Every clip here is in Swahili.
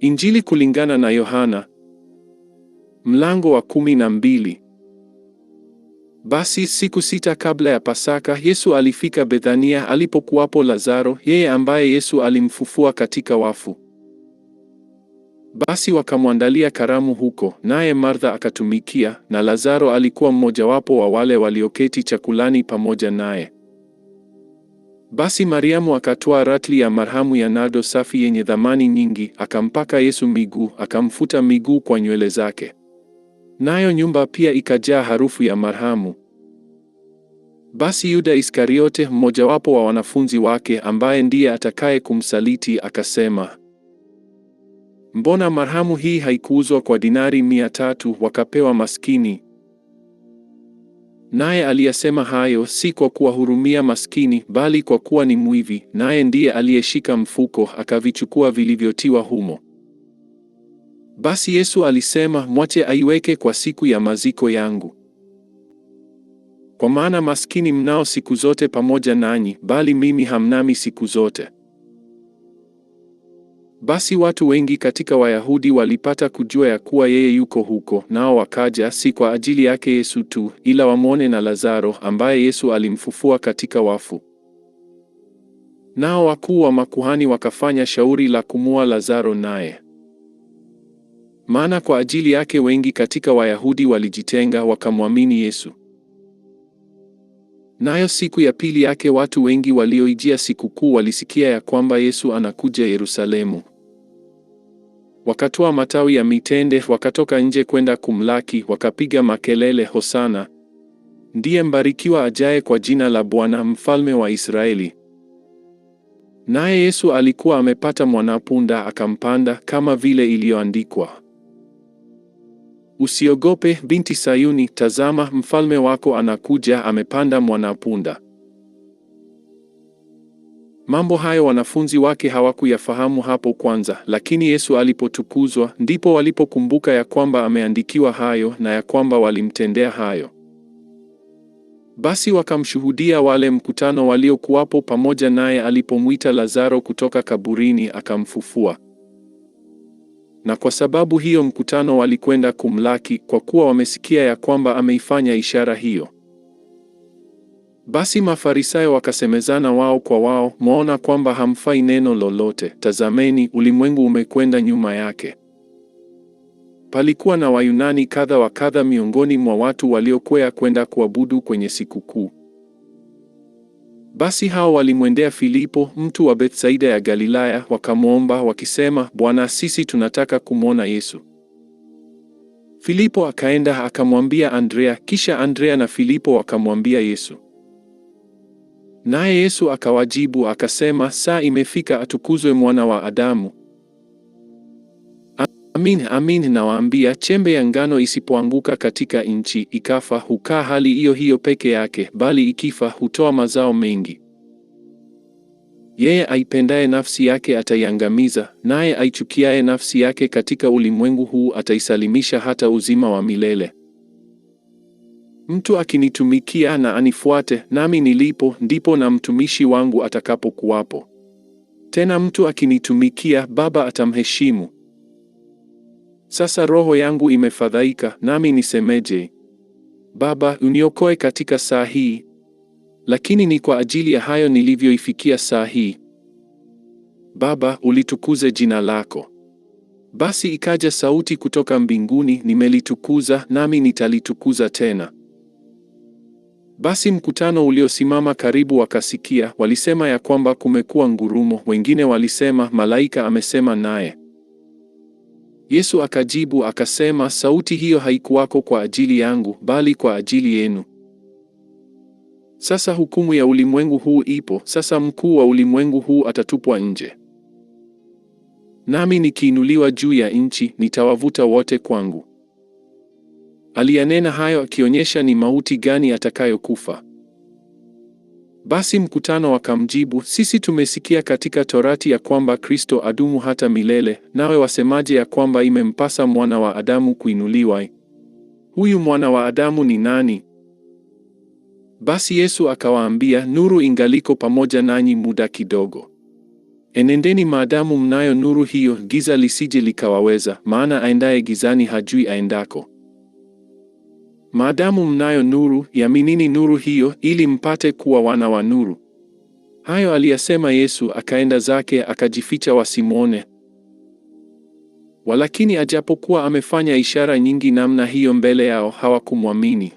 Injili kulingana na Yohana mlango wa kumi na mbili. Basi siku sita kabla ya Pasaka Yesu alifika Bethania alipokuwapo Lazaro, yeye ambaye Yesu alimfufua katika wafu. Basi wakamwandalia karamu huko, naye Martha akatumikia, na Lazaro alikuwa mmojawapo wa wale walioketi chakulani pamoja naye. Basi Mariamu akatoa ratli ya marhamu ya nardo safi yenye thamani nyingi, akampaka Yesu miguu, akamfuta miguu kwa nywele zake. Nayo nyumba pia ikajaa harufu ya marhamu. Basi Yuda Iskariote, mmojawapo wa wanafunzi wake, ambaye ndiye atakaye kumsaliti, akasema, mbona marhamu hii haikuuzwa kwa dinari mia tatu wakapewa maskini? Naye aliyasema hayo si kwa kuwahurumia maskini, bali kwa kuwa ni mwivi, naye ndiye aliyeshika mfuko akavichukua vilivyotiwa humo. Basi Yesu alisema, mwache aiweke kwa siku ya maziko yangu, kwa maana maskini mnao siku zote pamoja nanyi, bali mimi hamnami siku zote. Basi watu wengi katika Wayahudi walipata kujua ya kuwa yeye yuko huko, nao wakaja si kwa ajili yake Yesu tu, ila wamwone na Lazaro ambaye Yesu alimfufua katika wafu. Nao wakuu wa makuhani wakafanya shauri la kumua Lazaro naye. Maana kwa ajili yake wengi katika Wayahudi walijitenga wakamwamini Yesu. Nayo siku ya pili yake watu wengi walioijia sikukuu walisikia ya kwamba Yesu anakuja Yerusalemu. Wakatoa matawi ya mitende, wakatoka nje kwenda kumlaki, wakapiga makelele, Hosana! Ndiye mbarikiwa ajaye kwa jina la Bwana, mfalme wa Israeli. Naye Yesu alikuwa amepata mwanapunda, akampanda, kama vile iliyoandikwa, Usiogope binti Sayuni, tazama mfalme wako anakuja, amepanda mwanapunda. Mambo hayo wanafunzi wake hawakuyafahamu hapo kwanza, lakini Yesu alipotukuzwa ndipo walipokumbuka ya kwamba ameandikiwa hayo na ya kwamba walimtendea hayo. Basi wakamshuhudia wale mkutano waliokuwapo pamoja naye alipomwita Lazaro kutoka kaburini akamfufua. Na kwa sababu hiyo mkutano walikwenda kumlaki kwa kuwa wamesikia ya kwamba ameifanya ishara hiyo. Basi Mafarisayo wakasemezana wao kwa wao, mwaona kwamba hamfai neno lolote. Tazameni, ulimwengu umekwenda nyuma yake. Palikuwa na Wayunani kadha wa kadha miongoni mwa watu waliokwea kwenda kuabudu kwenye sikukuu. Basi hao walimwendea Filipo, mtu wa Bethsaida ya Galilaya, wakamwomba wakisema, Bwana, sisi tunataka kumwona Yesu. Filipo akaenda akamwambia Andrea, kisha Andrea na Filipo wakamwambia Yesu. Naye Yesu akawajibu akasema, saa imefika atukuzwe mwana wa Adamu. Amin, amin nawaambia, chembe ya ngano isipoanguka katika nchi ikafa, hukaa hali hiyo hiyo peke yake, bali ikifa hutoa mazao mengi. Yeye aipendaye nafsi yake ataiangamiza, naye aichukiaye nafsi yake katika ulimwengu huu ataisalimisha hata uzima wa milele. Mtu akinitumikia na anifuate, nami nilipo, ndipo na mtumishi wangu atakapokuwapo. Tena mtu akinitumikia, Baba atamheshimu. Sasa roho yangu imefadhaika, nami nisemeje? Baba, uniokoe katika saa hii. Lakini ni kwa ajili ya hayo nilivyoifikia saa hii. Baba, ulitukuze jina lako. Basi ikaja sauti kutoka mbinguni, nimelitukuza nami nitalitukuza tena. Basi mkutano uliosimama karibu wakasikia, walisema ya kwamba kumekuwa ngurumo, wengine walisema malaika amesema naye. Yesu akajibu akasema, sauti hiyo haikuwako kwa ajili yangu, bali kwa ajili yenu. Sasa hukumu ya ulimwengu huu ipo, sasa mkuu wa ulimwengu huu atatupwa nje. Nami nikiinuliwa juu ya nchi, nitawavuta wote kwangu. Aliyanena hayo akionyesha ni mauti gani atakayokufa. Basi mkutano wakamjibu, sisi tumesikia katika Torati ya kwamba Kristo adumu hata milele, nawe wasemaje ya kwamba imempasa mwana wa Adamu kuinuliwa? Huyu mwana wa Adamu ni nani? Basi Yesu akawaambia, nuru ingaliko pamoja nanyi muda kidogo. Enendeni maadamu mnayo nuru hiyo, giza lisije likawaweza, maana aendaye gizani hajui aendako. Maadamu mnayo nuru, yaminini nuru hiyo, ili mpate kuwa wana wa nuru. Hayo aliyasema Yesu, akaenda zake akajificha wasimwone. Walakini ajapokuwa amefanya ishara nyingi namna hiyo mbele yao, hawakumwamini.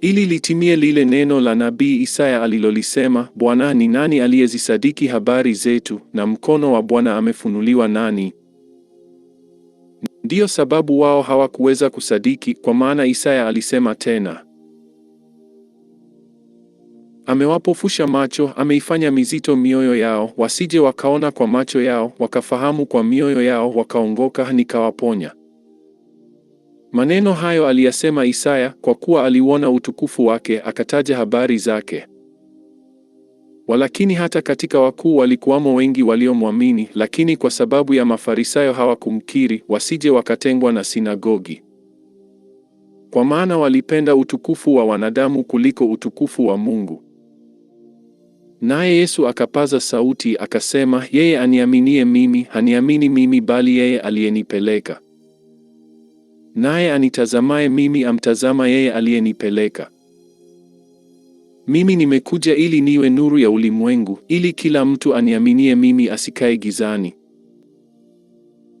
Ili litimie lile neno la nabii Isaya alilolisema, Bwana, ni nani aliyezisadiki habari zetu? Na mkono wa Bwana amefunuliwa nani? Ndiyo sababu wao hawakuweza kusadiki, kwa maana Isaya alisema tena, amewapofusha macho, ameifanya mizito mioyo yao, wasije wakaona kwa macho yao, wakafahamu kwa mioyo yao, wakaongoka, nikawaponya. Maneno hayo aliyasema Isaya kwa kuwa aliuona utukufu wake, akataja habari zake. Walakini hata katika wakuu walikuwamo wengi waliomwamini, lakini kwa sababu ya Mafarisayo hawakumkiri, wasije wakatengwa na sinagogi. Kwa maana walipenda utukufu wa wanadamu kuliko utukufu wa Mungu. Naye Yesu akapaza sauti akasema, yeye aniaminie mimi, haniamini mimi bali yeye aliyenipeleka. Naye anitazamaye mimi amtazama yeye aliyenipeleka. Mimi nimekuja ili niwe nuru ya ulimwengu, ili kila mtu aniaminie mimi asikae gizani.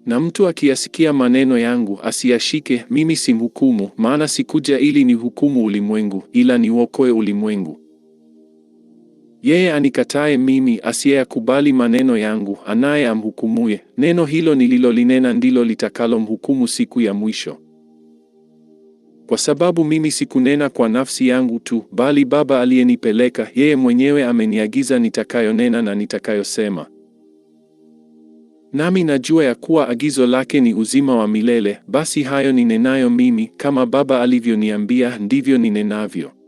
Na mtu akiyasikia maneno yangu asiyashike, mimi simhukumu, maana sikuja ili nihukumu ulimwengu, ila niuokoe ulimwengu. Yeye anikataye mimi, asiyeyakubali maneno yangu, anaye amhukumuye, neno hilo nililolinena ndilo litakalomhukumu siku ya mwisho kwa sababu mimi sikunena kwa nafsi yangu tu, bali Baba aliyenipeleka yeye mwenyewe ameniagiza nitakayonena na nitakayosema. Nami najua ya kuwa agizo lake ni uzima wa milele, basi hayo ninenayo mimi, kama Baba alivyoniambia, ndivyo ninenavyo.